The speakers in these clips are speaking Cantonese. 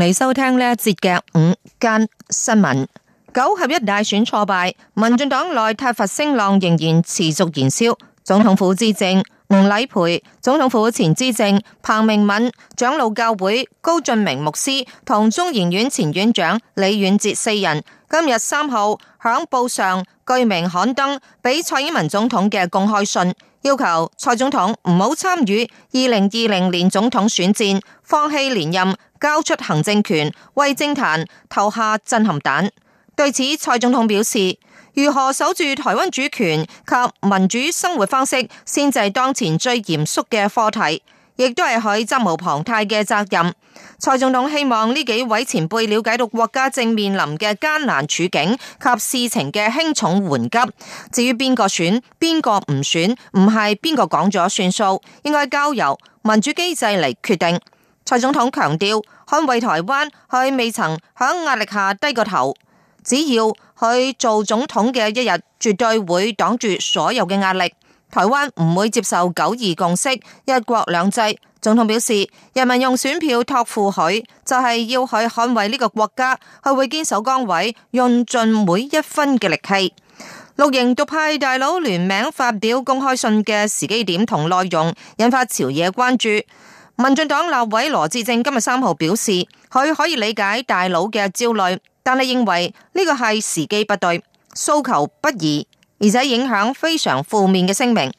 嚟收聽呢一節嘅午間新聞。九合一大選挫敗，民進黨內討伐聲浪仍然持續燃燒。總統府資政吳澧培、總統府前資政彭明敏、長老教會高俊明牧師、同中研院前院長李遠哲四人今日三號響報上具名刊登，俾蔡英文總統嘅公開信。要求蔡總統唔好參與二零二零年總統選戰，放棄連任，交出行政權，為政壇投下震撼彈。對此，蔡總統表示：如何守住台灣主權及民主生活方式，先至係當前最嚴肅嘅課題，亦都係佢責無旁貸嘅責任。蔡總統希望呢幾位前輩了解到國家正面臨嘅艱難處境及事情嘅輕重緩急。至於邊個選邊個唔選，唔係邊個講咗算數，應該交由民主機制嚟決定。蔡總統強調，捍衛台灣佢未曾響壓力下低過頭，只要佢做總統嘅一日，絕對會擋住所有嘅壓力。台灣唔會接受九二共識、一國兩制。總統表示，人民用選票託付佢，就係、是、要佢捍衛呢個國家，佢會堅守崗位，用盡每一分嘅力氣。綠營獨派大佬聯名發表公開信嘅時機點同內容，引發朝野關注。民進黨立委羅致政今日三號表示，佢可以理解大佬嘅焦慮，但係認為呢個係時機不對，訴求不宜，而且影響非常負面嘅聲明。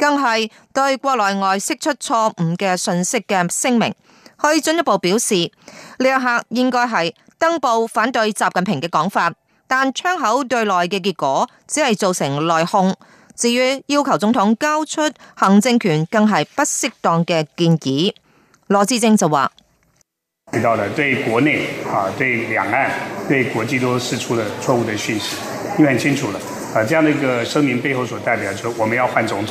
更係對國內外釋出錯誤嘅信息嘅聲明，可以進一步表示呢一刻應該係登報反對習近平嘅講法，但窗口對內嘅結果只係造成內訌。至於要求總統交出行政權，更係不適當嘅建議。羅致政就話：睇到嘅對國內啊，對兩岸、對國際都釋出了錯誤嘅訊息，因為很清楚了啊，這樣的一個聲明背後所代表就我們要換總統。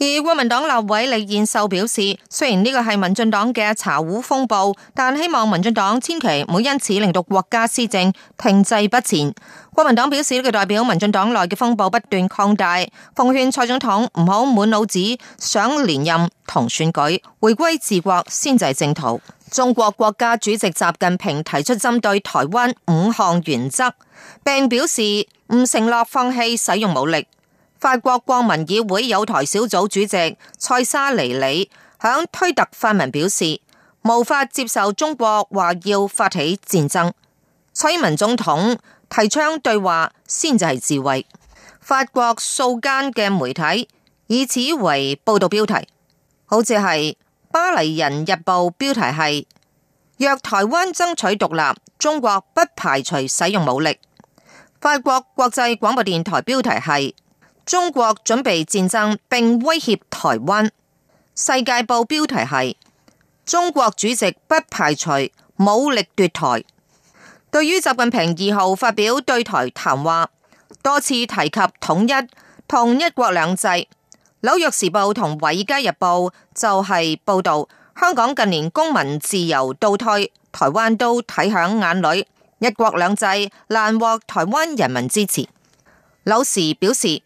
而國民黨立委李彥秀表示，雖然呢個係民進黨嘅茶壺風暴，但希望民進黨千祈唔好因此令到國家施政停滯不前。國民黨表示，佢代表民進黨內嘅風暴不斷擴大，奉勸蔡總統唔好滿腦子想連任同選舉，回歸治國先至係正途。中國國家主席習近平提出針對台灣五項原則，並表示唔承諾放棄使用武力。法國國民議會有台小組主席塞沙尼里響推特發文表示，無法接受中國話要發起戰爭。蔡英文總統提倡對話，先至係智慧。法國數間嘅媒體以此為報道標題，好似係《巴黎人日報》標題係若台灣爭取獨立，中國不排除使用武力。法國國際廣播電台標題係。中國準備戰爭並威脅台灣，《世界報》標題係中國主席不排除武力奪台。對於習近平二號發表對台談話，多次提及統一、同一國兩制，《紐約時報》同《華爾街日報》就係、是、報道香港近年公民自由倒退，台灣都睇響眼裏，一國兩制難獲台灣人民支持。柳時表示。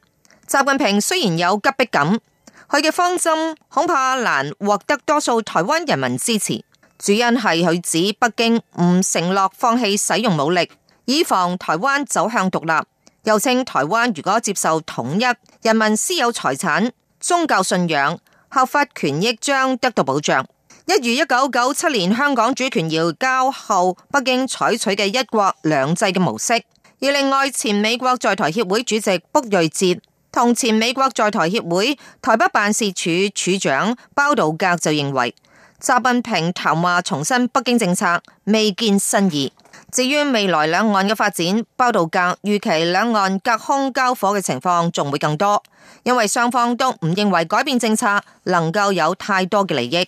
習近平雖然有急迫感，佢嘅方針恐怕難獲得多數台灣人民支持。主因係佢指北京唔承諾放棄使用武力，以防台灣走向獨立。又稱台灣如果接受統一，人民私有財產、宗教信仰、合法權益將得到保障，一如一九九七年香港主權移交後北京採取嘅一國兩制嘅模式。而另外，前美國在台協會主席卜瑞哲。同前美國在台協會台北辦事處處長包道格就認為，習近平談話重申北京政策，未見新意。至於未來兩岸嘅發展，包道格預期兩岸隔空交火嘅情況仲會更多，因為雙方都唔認為改變政策能夠有太多嘅利益。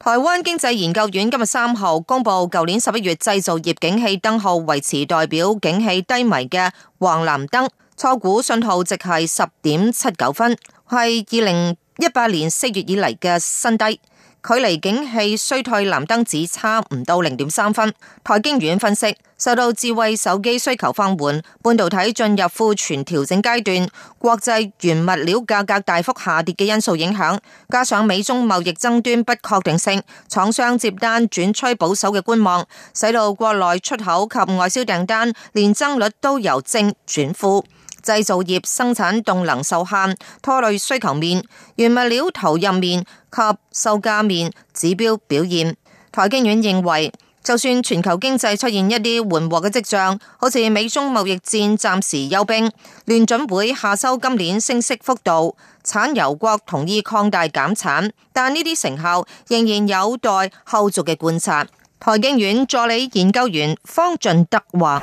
台灣經濟研究院今日三號公佈，舊年十一月製造業景氣燈號維持代表景氣低迷嘅黃藍燈。初步信號值係十點七九分，係二零一八年四月以嚟嘅新低，距離景氣衰退藍燈只差唔到零點三分。台經院分析，受到智慧手機需求放緩、半導體進入庫存調整階段、國際原物料價格大幅下跌嘅因素影響，加上美中貿易爭端不確定性，廠商接單轉趨保守嘅觀望，使到國內出口及外銷訂單年增率都由正轉負。製造業生產動能受限，拖累需求面、原物料投入面及售價面指標表現。台經院認為，就算全球經濟出現一啲緩和嘅跡象，好似美中貿易戰暫時休兵、聯準會下修今年升息幅度、產油國同意擴大減產，但呢啲成效仍然有待後續嘅觀察。台經院助理研究員方俊德話：，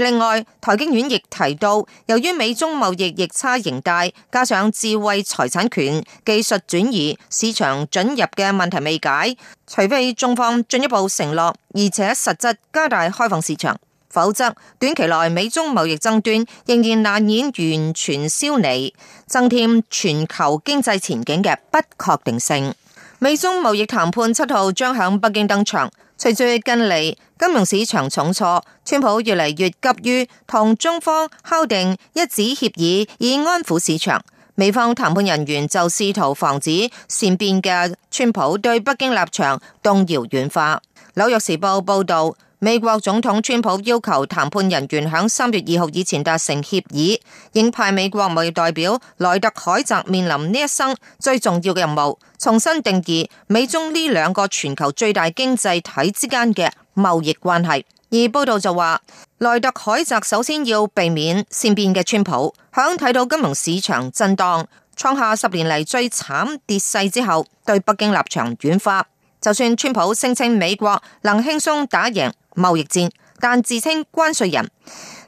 另外，台經院亦提到，由於美中貿易逆差仍大，加上智慧財產權、技術轉移、市場准入嘅問題未解，除非中方進一步承諾，而且實質加大開放市場，否則短期內美中貿易爭端仍然難以完全消弭，增添全球經濟前景嘅不確定性。美中貿易談判七號將喺北京登場，隨住近嚟金融市場重挫，川普越嚟越急於同中方敲定一紙協議，以安撫市場。美方談判人員就試圖防止善變嘅川普對北京立場動搖軟化。紐約時報報道。美國總統川普要求談判人員響三月二號以前達成協議，應派美國貿易代表萊特海澤面臨呢一生最重要嘅任務，重新定義美中呢兩個全球最大經濟體之間嘅貿易關係。而報道就話，萊特海澤首先要避免善變嘅川普，響睇到金融市場震盪創下十年嚟最慘跌勢之後，對北京立場軟化。就算川普聲稱美國能輕鬆打贏貿易戰，但自稱關稅人，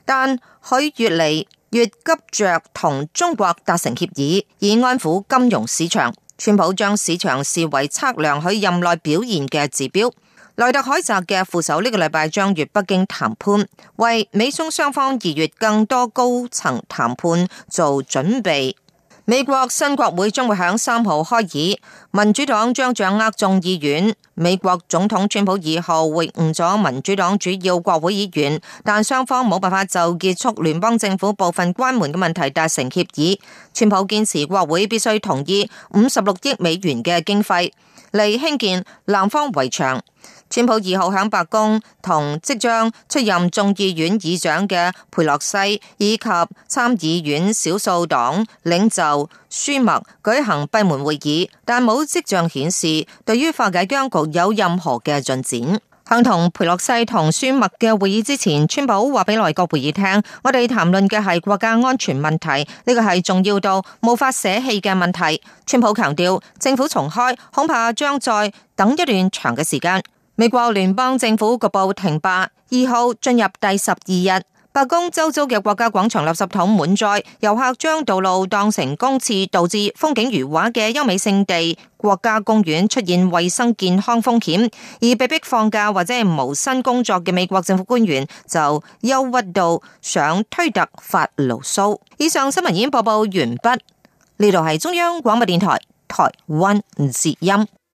但佢越嚟越急着同中國達成協議，以安撫金融市場，川普將市場視為測量佢任內表現嘅指標。萊特海澤嘅副手呢個禮拜將與北京談判，為美中雙方二月更多高層談判做準備。美國新國會將會喺三號開議，民主黨將掌握眾議院。美國總統川普二號會晤咗民主黨主要國會議員，但雙方冇辦法就結束聯邦政府部分關門嘅問題達成協議。川普堅持國會必須同意五十六億美元嘅經費嚟興建南方圍牆。川普二號喺白宮同即將出任眾議院議長嘅佩洛西以及參議院少數黨領袖舒默舉行閉門會議，但冇跡象顯示對於化解僵局有任何嘅進展。喺同佩洛西同舒默嘅會議之前，川普話俾內閣會議聽：「我哋談論嘅係國家安全問題，呢個係重要到無法捨棄嘅問題」。川普強調，政府重開恐怕將再等一段長嘅時間。美國聯邦政府局部停擺，二號進入第十二日。白宮周遭嘅國家廣場垃圾桶滿載，遊客將道路當成公廁，導致風景如畫嘅優美勝地國家公園出現衛生健康風險，而被迫放假或者係無薪工作嘅美國政府官員就憂鬱到想推特發牢騷。以上新聞已經播報報完畢，呢度係中央廣播電台台灣之音。